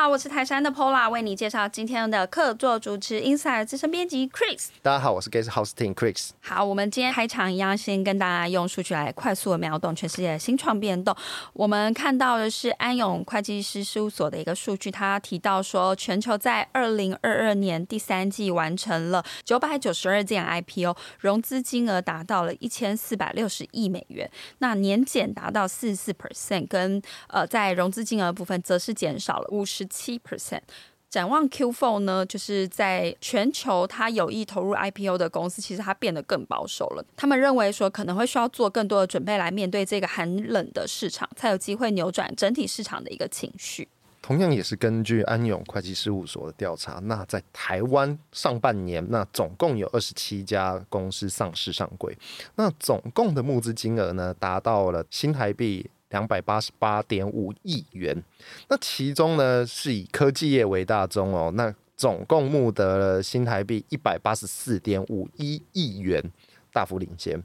好，我是台杉的 Pola，為你介紹今天的客座主持 INSIDE 資深編輯 Chris。大家好，我是 Guest Hosting Chris。好，我們今天開場一樣，先跟大家用數據來快速的秒懂全世界的新創變動。我們看到的是安永會計師事務所的一個數據，它提到說，全球在二零二二年第三季完成了九百九十二件 IPO，融資金額達到了一千四百六十億美元，那年減達到四十四 percent，跟呃在融資金額的部分則是減少了五十。七 percent。展望 Q four 呢，就是在全球，它有意投入 I P O 的公司，其實它變得更保守了。他們認為說，可能會需要做更多的準備來面對這個寒冷的市場，才有機會扭轉整體市場的一個情緒。同樣也是根據安永會計事務所的調查，那在台灣上半年，那總共有二十七家公司上市上櫃，那總共的募資金額呢，達到了新台幣，兩百八十八點五億元，那其中呢是以科技業為大宗哦，那總共募得了新台幣一百八十四點五一億元，大幅領先。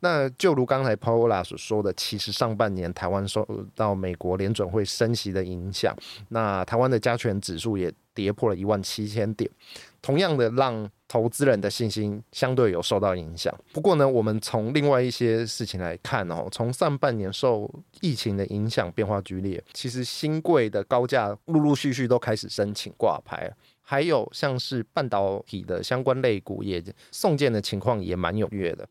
那就如剛才 Paula 所說的，其實上半年台灣受到美國聯準會升息的影響，那台灣的加權指數也跌破了一萬七千點，同樣的讓投資人的信心相對有受到影響。不過呢，我們從另外一些事情來看哦，從上半年受疫情的影響變化劇烈，其實興櫃的高價陸陸續續續都開始申請掛牌，還有像是半導體的相關類股也送件的情況也蠻踴躍的。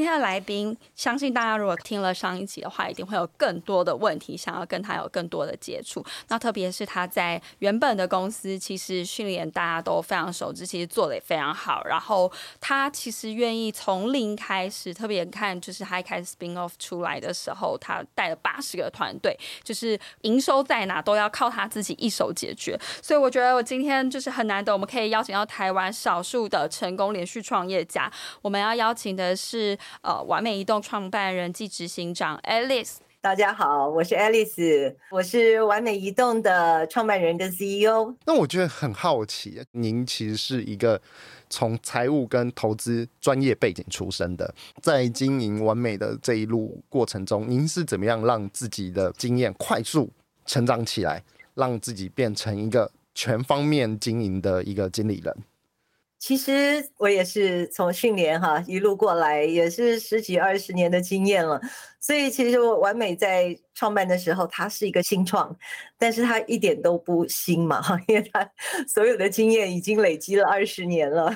今天的來賓，相信大家如果聽了上一集的話，一定會有更多的問題想要跟他有更多的接觸。那特別是他在原本的公司，其實訊連大家都非常熟知，其實做的也非常好。然後他其實願意從零開始，特別看就是他一開始 spin off 出來的時候，他帶了八十個團隊，就是營收在哪都要靠他自己一手解決。所以我覺得我今天就是很難得，我們可以邀請到台灣少數的成功連續創業家。我們要邀請的是。呃，完美移動創辦人暨執行長 Alice。大家好，我是 Alice，我是完美移動的創辦人跟 CEO。那我覺得很好奇，您其實是一個從財務跟投資專業背景出身的，在經營完美的這一路過程中，您是怎麼樣讓自己的經驗快速成長起來，讓自己變成一個全方面經營的一個經理人？其實我也是從訊連哈一路過來，也是十幾二十年的經驗了。所以其實我玩美在創辦的時候，它是一個新創，但是它一點都不新嘛，因為它所有的經驗已經累積了二十年了。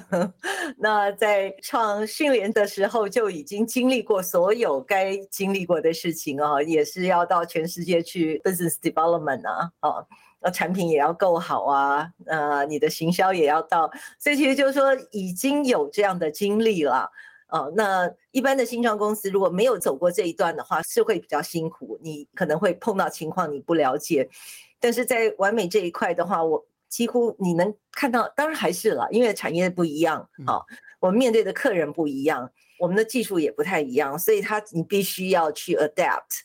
那在創訊連的時候，就已經經歷過所有該經歷過的事情啊，也是要到全世界去 business development 啊。那產品也要夠好啊，呃，你的行銷也要到，所以其實就是說已經有這樣的經歷了。呃，那一般的新創公司如果沒有走過這一段的話，是會比較辛苦，你可能會碰到情況你不了解。但是在完美這一塊的話，我幾乎你能看到，當然還是了，因為產業不一樣，好，呃，我們面對的客人不一樣，我們的技術也不太一樣，所以他你必須要去 adapt。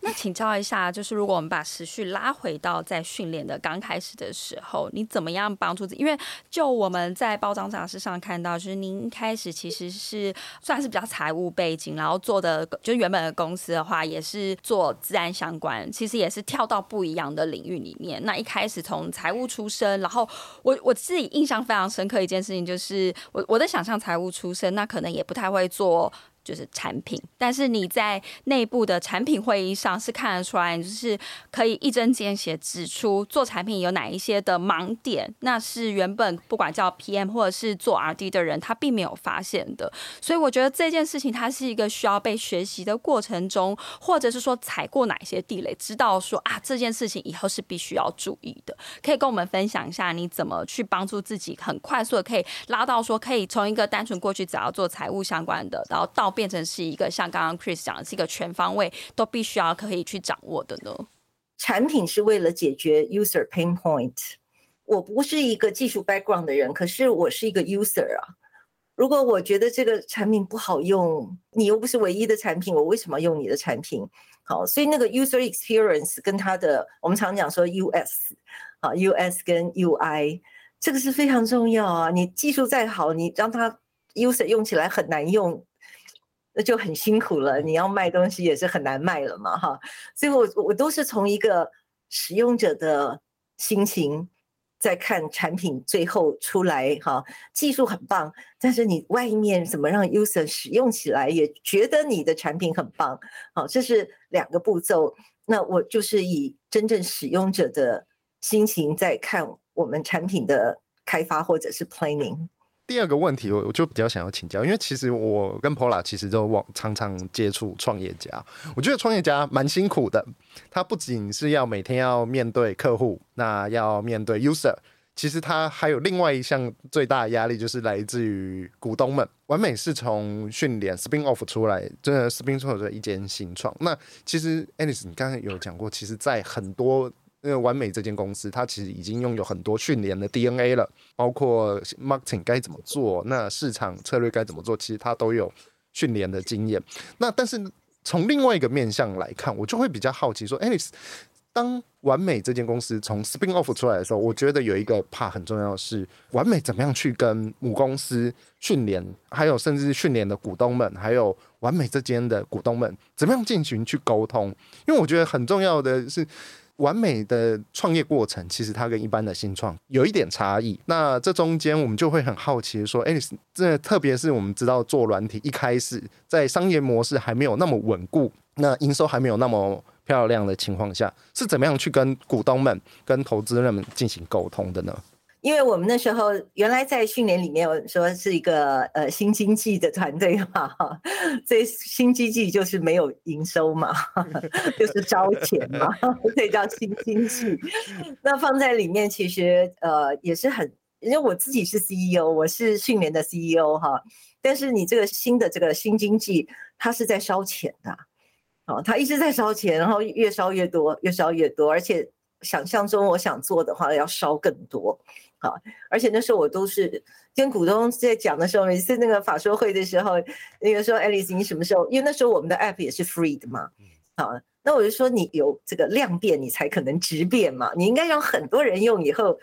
那請教一下，就是如果我們把時序拉回到在訊連的剛開始的時候，你怎麼樣幫助自己？因為就我們在報章雜誌上看到，就是您一開始其實是算是比較財務背景，然後做的就原本的公司的話也是做自然相關，其實也是跳到不一樣的領域裡面。那一開始從財務出身，然後我我自己印象非常深刻一件事情，就是我我在想，像財務出身，那可能也不太會做。就是產品，但是你在內部的產品會議上是看得出來，你就是可以一針見血指出做產品有哪一些的盲點，那是原本不管叫 PM 或者是做 RD 的人他並沒有發現的。所以我覺得這件事情它是一個需要被學習的過程中，或者是說踩過哪些地雷，知道說啊這件事情以後是必須要注意的。可以跟我們分享一下你怎麼去幫助自己很快速的可以拉到說可以從一個單純過去只要做財務相關的，然後到變成是一個像剛剛 Chris 講的，是一個全方位都必須要可以去掌握的呢。產品是為了解決 user pain point。我不是一個技術 background 的人，可是我是一個 user 啊。如果我覺得這個產品不好用，你又不是唯一的產品，我為什麼要用你的產品？好，所以那個 user experience 跟他的，我們常講說 US 啊 US 跟 UI，這個是非常重要啊。你技術再好，你讓他 user 用起來很難用。那就很辛苦了，你要賣東西也是很難賣了嘛，哈。所以我我都是從一個使用者的心情在看產品，最後出來哈，技術很棒，但是你外面怎麼讓 user 使用起來也覺得你的產品很棒，好，這是兩個步驟。那我就是以真正使用者的心情在看我們產品的開發或者是 planning。第二個問題，我我就比較想要請教，因為其實我跟 Pola 其實就往常常接觸創業家，我覺得創業家蠻辛苦的，他不僅是要每天要面對客戶，那要面對 user，其實他還有另外一項最大的壓力就是來自於股東們。玩美是從訊連 spin off 出來，真的 spin off 的一間新創。那其實 Alice 你剛才有講過，其實，在很多因為玩美這間公司，它其實已經擁有很多訊連的 DNA 了，包括 marketing 該怎麼做，那市場策略該怎麼做，其實它都有訊連的經驗。那但是從另外一個面向來看，我就會比較好奇說，Alice，當玩美這間公司從 spin off 出來的時候，我覺得有一個 part 很重要的是，玩美怎麼樣去跟母公司訊連，還有甚至是訊連的股東們，還有玩美這間的股東們，怎麼樣進行去溝通？因為我覺得很重要的是。玩美的創業過程，其實它跟一般的新創有一點差異。那這中間我們就會很好奇，說，誒，這特別是我們知道做軟體，一開始在商業模式還沒有那麼穩固，那營收還沒有那麼漂亮的情況下，是怎麼樣去跟股東們、跟投資人們進行溝通的呢？因為我們那時候原來在訊連裡面，我說是一個呃新經濟的團隊嘛，所以新經濟就是沒有營收嘛，就是燒錢嘛，所以叫新經濟。那放在裡面其實呃也是很，因為我自己是 CEO，我是訊連的 CEO 哈。但是你這個新的這個新經濟，它是在燒錢的，哦，它一直在燒錢，然後越燒越多，越燒越多，而且想象中我想做的話要燒更多。好，而且那時候我都是跟股東在講的時候，每次那個法說會的時候，那個說 i c e 你什麼時候？因為那時候我們的 app 也是 free 的嘛。嗯。那我就說你有這個量變，你才可能質變嘛。你應該讓很多人用以後。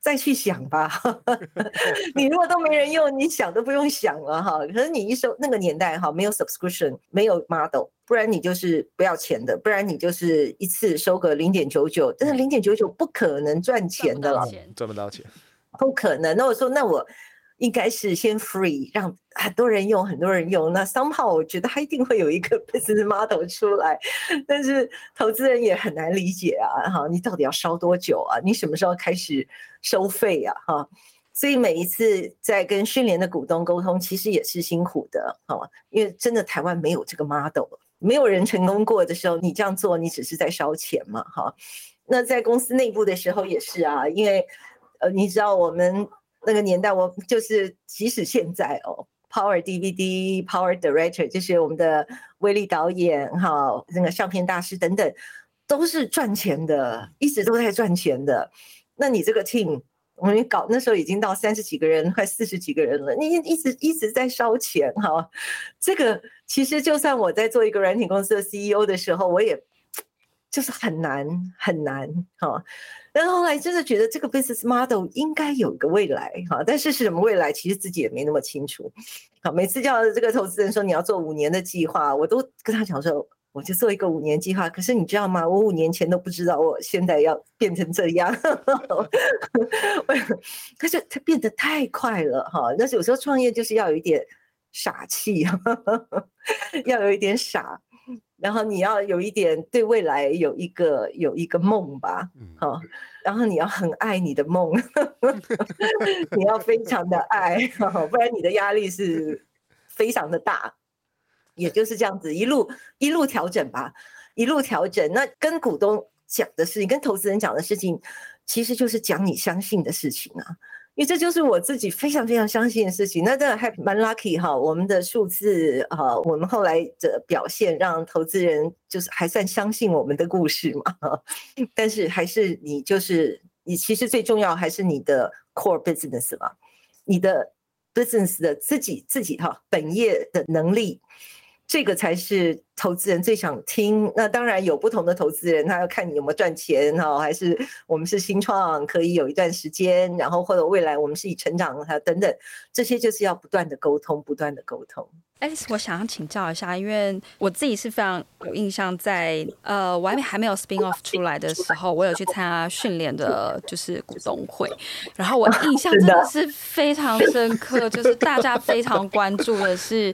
再去想吧 你如果都沒人用，你想都不用想了哈。可是你一收，那個年代哈，沒有 subscription，沒有 model，不然你就是不要錢的，不然你就是一次收個零點九九，但是零點九九不可能賺錢的啦，賺不到錢，不可能。那我說，那我應該是先 free 讓。很多人用，很多人用。那 somehow 我覺得它一定會有一個 business model 出來，但是投資人也很難理解啊，哈、啊，你到底要燒多久啊？你什麼時候開始收費啊？哈、啊，所以每一次在跟訊連的股東溝通，其實也是辛苦的，哈、啊，因為真的台灣沒有這個 model，沒有人成功過的時候，你這樣做，你只是在燒錢嘛，哈、啊。那在公司內部的時候也是啊，因為，呃，你知道我們那個年代，我就是即使現在哦。Power DVD、Power Director，就是我們的威力導演哈，那個相片大師等等，都是賺錢的，一直都在賺錢的。那你這個 team，我們搞那時候已經到三十幾個人，快四十幾個人了，你一直一直在燒錢哈。這個其實就算我在做一個軟體公司的 CEO 的時候，我也就是很難很難哈。好但後來真的覺得這個 business model 應該有一個未來哈，但是什麼未來，其實自己也沒那麼清楚。好，每次叫這個投資人說你要做五年的計劃，我都跟他講說，我就做一個五年計劃。可是你知道嗎？我五年前都不知道，我現在要變成這樣。 可是它變得太快了哈，但是有時候創業就是要有一點傻氣， 要有一點傻。然後你要有一點對未來有一個有一個夢吧，嗯，然後你要很愛你的夢， 你要非常的愛， 不然你的壓力是非常的大，也就是這樣子，一路一路調整吧，一路調整。那跟股東講的事情，跟投資人講的事情，其實就是講你相信的事情啊。因為這就是我自己非常非常相信的事情。那真的還蠻 lucky 哈，我們的數字，我們後來的表現讓投資人就是還算相信我們的故事嘛。但是還是你就是你，其實最重要還是你的 core business 嘛，你的 business 的自己自己哈本業的能力。這個才是投資人最想聽。那當然有不同的投資人，他要看你有沒有賺錢哈，還是我們是新創，可以有一段時間，然後或者未來我們是以成長他等等，這些就是要不斷的溝通，不斷的溝通。哎，我想要請教一下，因為我自己是非常有印象在，在呃，我還還沒有 spin off 出來的時候，我有去參加訊連的就是股東會，然後我印象真的是非常深刻， 是就是大家非常關注的是。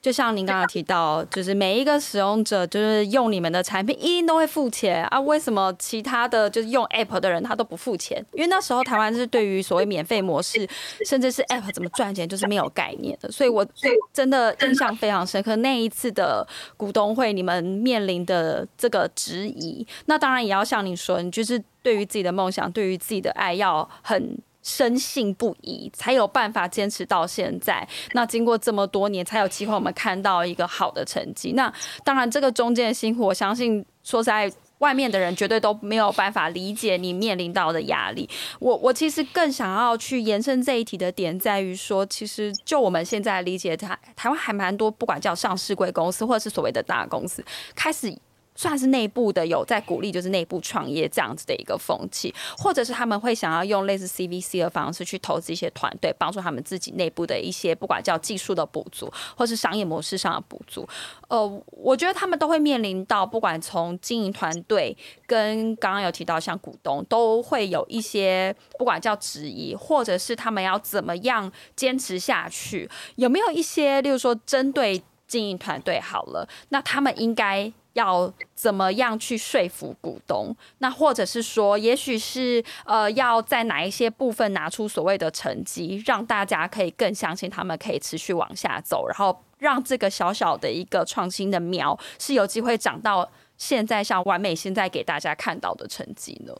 就像您剛才提到，就是每一個使用者就是用你們的產品，一定都會付錢啊？為什麼其他的就是用 App 的人他都不付錢？因為那時候台灣是對於所謂免費模式，甚至是 App 怎麼賺錢，就是沒有概念的。所以，我真的印象非常深刻，那一次的股東會，你們面臨的這個質疑，那當然也要像你說，你就是對於自己的夢想，對於自己的愛，要很。深信不疑，才有辦法堅持到現在。那經過這麼多年，才有機會我們看到一個好的成績。那當然，這個中間的辛苦，我相信說在，外面的人絕對都沒有辦法理解你面臨到的壓力。我我其實更想要去延伸這一題的點，在於說，其實就我們現在理解，台台灣還蠻多，不管叫上市櫃公司或者是所謂的大公司，開始。算是內部的有在鼓勵，就是內部創業這樣子的一個風氣，或者是他們會想要用類似 CVC 的方式去投資一些團隊，幫助他們自己內部的一些不管叫技術的補足，或是商業模式上的補足。呃，我覺得他們都會面臨到，不管從經營團隊跟剛剛有提到像股東，都會有一些不管叫質疑，或者是他們要怎麼樣堅持下去，有沒有一些例如說針對經營團隊好了，那他們應該。要怎麼樣去說服股東？那或者是說也許是，也許是呃，要在哪一些部分拿出所謂的成績，讓大家可以更相信他們可以持續往下走，然後讓這個小小的一個創新的苗是有機會長到現在像玩美現在給大家看到的成績呢？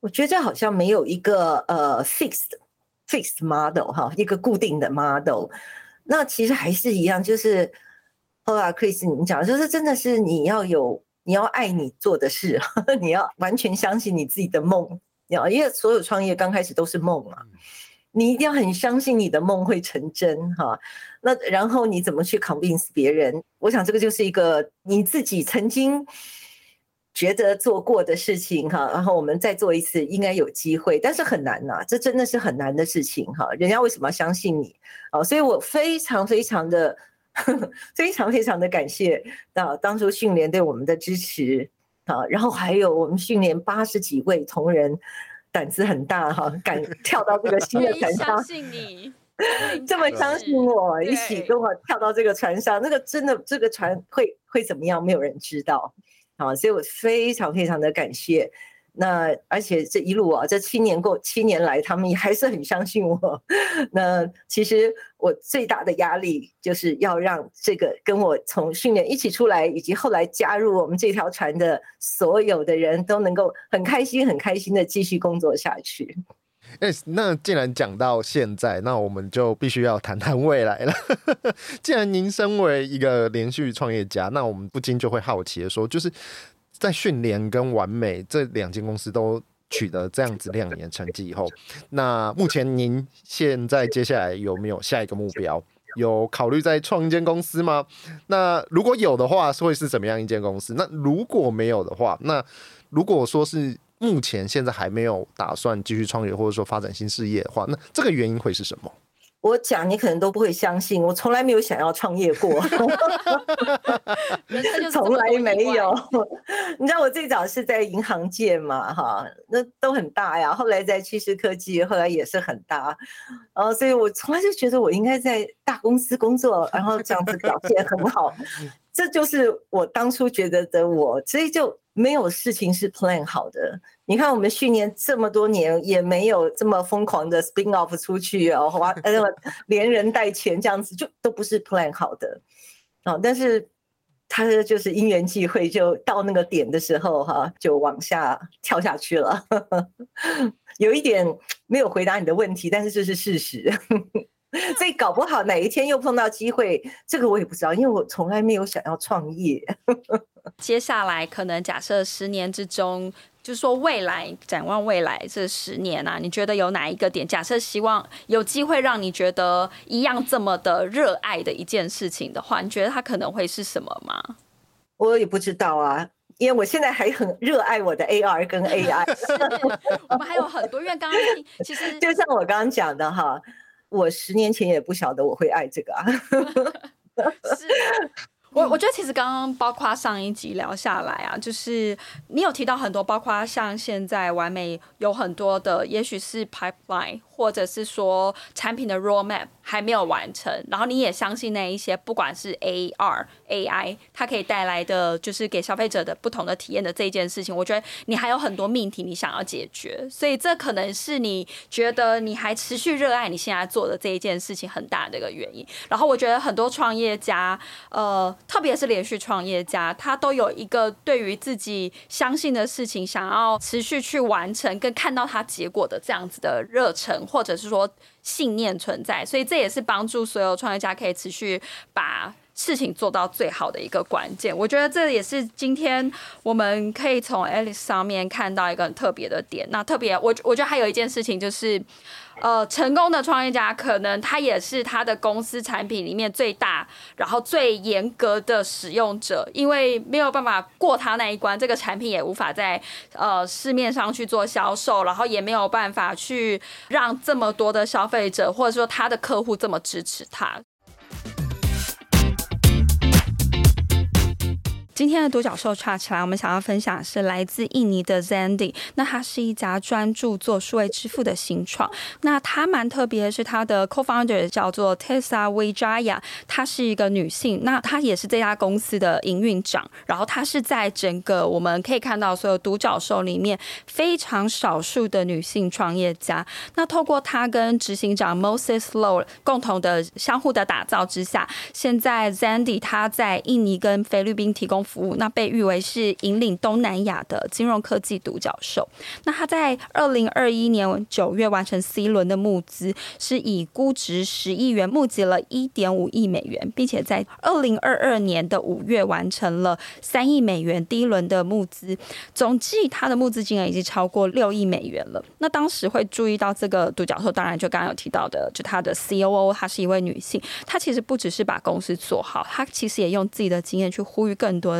我覺得這好像沒有一個呃 fixed fixed model 哈，一個固定的 model。那其實還是一樣，就是。好、oh, 來 Chris，你講就是真的是你要有，你要愛你做的事， 你要完全相信你自己的夢，因為所有創業剛開始都是夢嘛、啊，你一定要很相信你的夢會成真哈、啊。那然後你怎麼去 convince 別人？我想這個就是一個你自己曾經覺得做過的事情哈、啊。然後我們再做一次，應該有機會，但是很難吶、啊，這真的是很難的事情哈、啊。人家為什麼要相信你？啊、所以我非常非常的。 非常非常的感謝，到、啊、當初訊連對我們的支持啊，然後還有我們訊連八十幾位同仁，膽子很大哈、啊，敢跳到這個新的船上， 相信你 這麼相信我，一起跟我跳到這個船上，那個真的這個船會會怎麼樣，沒有人知道啊，所以我非常非常的感謝。那而且，這一路啊，這七年過七年來，他們也還是很相信我。那其實我最大的壓力就是要讓這個跟我從訊連一起出來，以及後來加入我們這條船的所有的人都能夠很開心，很開心的繼續工作下去。哎，Yes，那既然講到現在，那我們就必須要談談未來了。 既然您身為一個連續創業家，那我們不禁就會好奇的說，就是。在訊連跟玩美這兩間公司都取得這樣子亮眼的成績以後，那目前您現在接下來有沒有下一個目標？有考慮再創一間公司嗎？那如果有的話，會是怎麼樣一間公司？那如果沒有的話，那如果說是目前現在還沒有打算繼續創業或者說發展新事業的話，那這個原因會是什麼？我講你可能都不會相信，我從來沒有想要創業過，從 來沒有。 你知道我最早是在銀行界嘛，哈，那都很大呀。後來在趨勢科技，後來也是很大，然後所以我從來就覺得我應該在大公司工作，然後這樣子表現很好。 這就是我當初覺得的我，我所以就沒有事情是 plan 好的。你看，我們訓練這麼多年，也沒有這麼瘋狂的 spin off 出去啊。哦，連人帶錢這樣子就都不是 plan 好的。哦、但是他就是因緣際會，就到那個點的時候哈、啊，就往下跳下去了。 有一點沒有回答你的問題，但是這是事實。 所以搞不好哪一天又碰到機會，這個我也不知道，因為我從來沒有想要創業。 接下來可能假設十年之中，就是說未來展望未來這十年啊，你覺得有哪一個點？假設希望有機會讓你覺得一樣這麼的熱愛的一件事情的話，你覺得它可能會是什麼嗎？我也不知道啊，因為我現在還很熱愛我的 AR 跟 AI 是。 我們還有很多，因為剛剛其實 就像我剛剛講的哈。我十年前也不曉得我會愛這個啊， 是啊，是， 我我覺得其實剛剛包括上一集聊下來啊，就是你有提到很多，包括像現在玩美有很多的，也許是 pipeline。或者是說產品的 roadmap 還沒有完成，然後你也相信那一些不管是 AR、AI，它可以帶來的就是給消費者的不同的體驗的這一件事情，我覺得你還有很多命題你想要解決，所以這可能是你覺得你還持續熱愛你現在做的這一件事情很大的一個原因。然後我覺得很多創業家，呃，特別是連續創業家，他都有一個對於自己相信的事情想要持續去完成，跟看到它結果的這樣子的熱忱。或者是說信念存在，所以這也是幫助所有創業家可以持續把事情做到最好的一個關鍵。我覺得這也是今天我們可以從 Alice 上面看到一個很特別的點。那特別，我我覺得還有一件事情就是。呃，成功的創業家可能他也是他的公司產品裡面最大，然後最嚴格的使用者，因為沒有辦法過他那一關，這個產品也無法在呃市面上去做銷售，然後也沒有辦法去讓這麼多的消費者或者說他的客戶這麼支持他。今天的獨角獸 Chat 起來，我們想要分享的是來自印尼的 Xendit。那它是一家專注做數位支付的新創。那它蠻特別的是，它的 co-founder 叫做 Tessa Wijaya，她是一個女性。那她也是這家公司的營運長。然後她是在整個我們可以看到所有獨角獸裡面非常少數的女性創業家。那透過她跟執行長 Moses Lo 共同的相互的打造之下，現在 Xendit 她在印尼跟菲律賓提供服務，那被譽為是引領東南亞的金融科技獨角獸。那他在二零二一年九月完成 C 輪的募資，是以估值十億元，募集了一點五億美元，並且在二零二二年的五月完成了三億美元 D 輪的募資，總計他的募資金額已經超過六億美元了。那當時會注意到這個獨角獸，當然就剛剛有提到的，就他的 COO，她是一位女性。她其實不只是把公司做好，她其實也用自己的經驗去呼籲更多。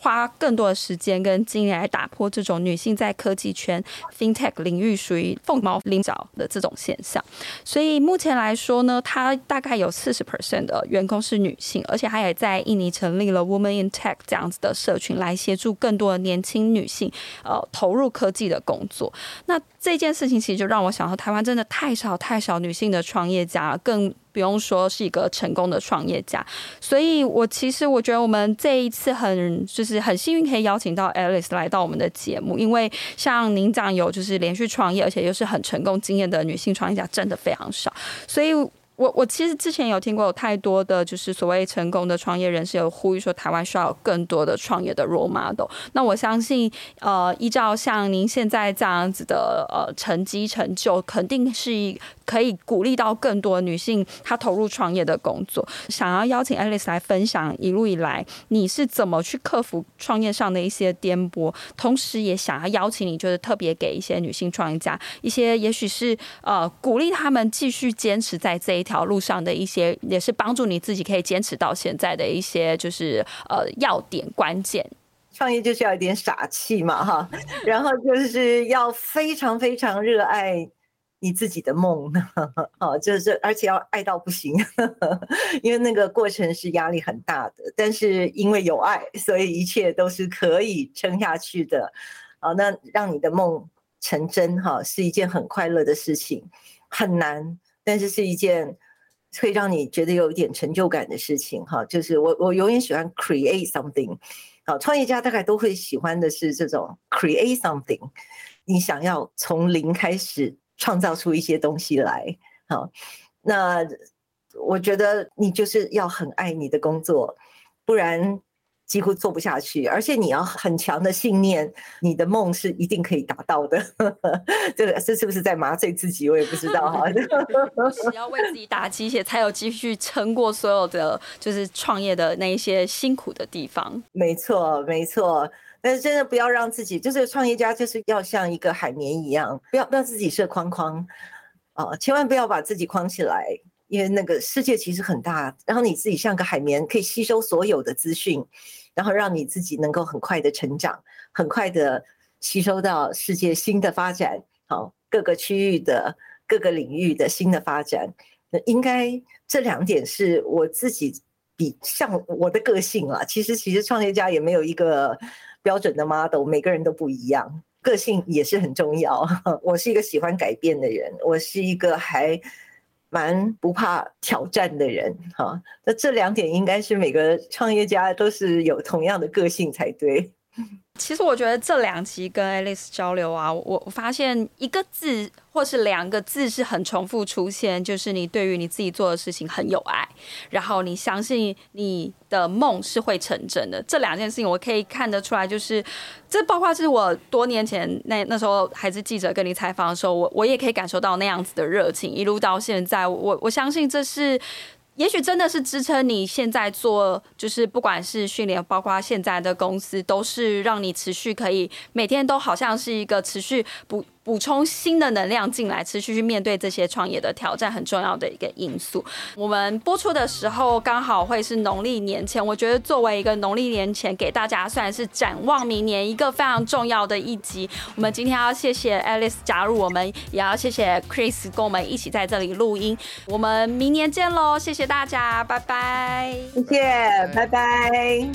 花更多的時間跟精力來打破這種女性在科技圈 FinTech 領域屬於鳳毛麟角的這種現象。所以目前來說呢，她大概有四十 percent 的員工是女性，而且她也在印尼成立了 Woman in Tech 這樣子的社群，來協助更多的年輕女性呃投入科技的工作。那這件事情其實就讓我想到，台灣真的太少太少女性的創業家，更。不用說是一個成功的創業家，所以我其實我覺得我們這一次很就是很幸運可以邀請到 Alice 來到我們的節目，因為像您這樣有就是連續創業而且又是很成功經驗的女性創業家真的非常少，所以。我我其實之前有聽過，有太多的就是所謂成功的創業人士有呼籲說，臺灣需要有更多的創業的 role model。那我相信，呃，依照像您現在這樣子的呃成績成就，肯定是可以鼓勵到更多女性她投入創業的工作。想要邀請 Alice 來分享一路以來你是怎麼去克服創業上的一些顛簸，同時也想要邀請你，就是特別給一些女性創業家一些也，也許是呃鼓勵她們繼續堅持在這一。條路上的一些，也是幫助你自己可以堅持到現在的一些，就是呃要點關鍵。創業就是要一點傻氣嘛，哈， 然後就是要非常非常熱愛你自己的夢，哦，就是而且要愛到不行，呵呵因為那個過程是壓力很大的，但是因為有愛，所以一切都是可以撐下去的。啊，那讓你的夢成真，哈，啊，是一件很快樂的事情，很難。但是是一件會讓你覺得有一點成就感的事情哈，就是我我永遠喜歡 create something，好，創業家大概都會喜歡的是這種 create something，你想要從零開始創造出一些東西來，好，那我覺得你就是要很愛你的工作，不然。幾乎做不下去，而且你要很強的信念，你的夢是一定可以達到的。這個這是不是在麻醉自己？我也不知道啊。 要為自己打雞血，才有繼續撐過所有的就是創業的那一些辛苦的地方。沒錯，沒錯。但是真的不要讓自己，就是創業家，就是要像一個海綿一樣，不要不要自己設框框，呃，千萬不要把自己框起來。因為那個世界其實很大，然後你自己像個海綿，可以吸收所有的資訊，然後讓你自己能夠很快的成長，很快的吸收到世界新的發展，好，各個區域的各個領域的新的發展。那應該這兩點是我自己比像我的個性啊。其實其實創業家也沒有一個標準的 model，每個人都不一樣，個性也是很重要。我是一個喜歡改變的人，我是一個還。蠻不怕挑戰的人，哈，那這兩點應該是每個創業家都是有同樣的個性才對。其實我覺得這兩集跟 Alice 交流啊，我我發現一個字或是兩個字是很重複出現，就是你對於你自己做的事情很有愛，然後你相信你的夢是會成真的。這兩件事情我可以看得出來，就是這包括是我多年前那那時候還是記者跟你採訪的時候，我我也可以感受到那樣子的熱情，一路到現在，我我相信這是。也許真的是支撐你現在做，就是不管是訊連，包括現在的公司，都是讓你持續可以每天都好像是一個持續不。補充新的能量進來，持續去面對這些創業的挑戰，很重要的一個因素。我們播出的時候剛好會是農曆年前，我覺得作為一個農曆年前給大家算是展望明年一個非常重要的一集。我們今天要謝謝 Alice 加入我們，也要謝謝 Chris 跟我們一起在這裡錄音。我們明年見嘍！謝謝大家，拜拜！謝謝，拜拜。